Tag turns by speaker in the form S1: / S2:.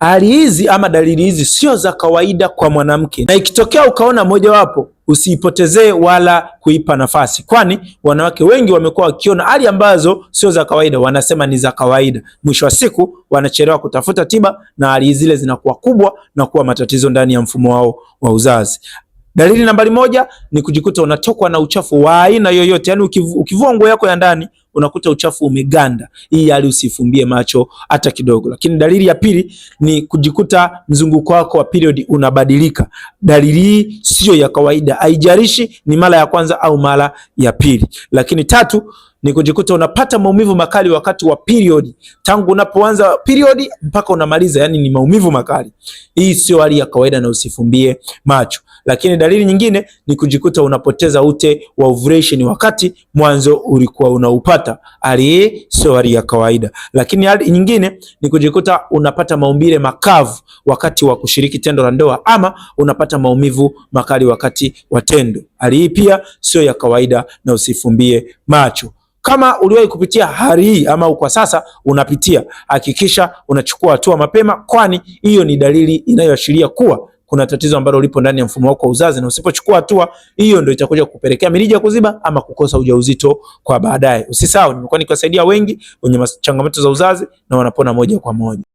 S1: Hali hizi ama dalili hizi sio za kawaida kwa mwanamke, na ikitokea ukaona mojawapo usiipotezee wala kuipa nafasi, kwani wanawake wengi wamekuwa wakiona hali ambazo sio za kawaida, wanasema ni za kawaida. Mwisho wa siku wanachelewa kutafuta tiba na hali zile zinakuwa kubwa na kuwa matatizo ndani ya mfumo wao wa uzazi. Dalili nambari moja ni kujikuta unatokwa na uchafu wa aina yoyote, yani ukivua nguo yako ya ndani unakuta uchafu umeganda. Hii hali usifumbie macho hata kidogo. Lakini dalili ya pili ni kujikuta mzunguko wako wa period unabadilika. Dalili hii siyo ya kawaida, haijarishi ni mara ya kwanza au mara ya pili. Lakini tatu ni kujikuta unapata maumivu makali wakati wa period, tangu unapoanza period mpaka unamaliza, yani ni maumivu makali. Hii sio hali ya kawaida na usifumbie macho. Lakini dalili nyingine ni kujikuta unapoteza ute wa ovulation wakati mwanzo ulikuwa unaupata. Hali hii sio hali ya kawaida. Lakini hali nyingine ni kujikuta unapata maumbile makavu wakati wa kushiriki tendo la ndoa ama unapata maumivu makali wakati wa tendo. Hali hii pia sio ya kawaida na usifumbie macho. Kama uliwahi kupitia hali hii ama kwa sasa unapitia, hakikisha unachukua hatua mapema, kwani hiyo ni dalili inayoashiria kuwa kuna tatizo ambalo lipo ndani ya mfumo wako wa uzazi, na usipochukua hatua hiyo ndio itakuja kukupelekea mirija kuziba ama kukosa ujauzito kwa baadaye. Usisahau, nimekuwa nikiwasaidia wengi wenye changamoto za uzazi na wanapona moja kwa moja.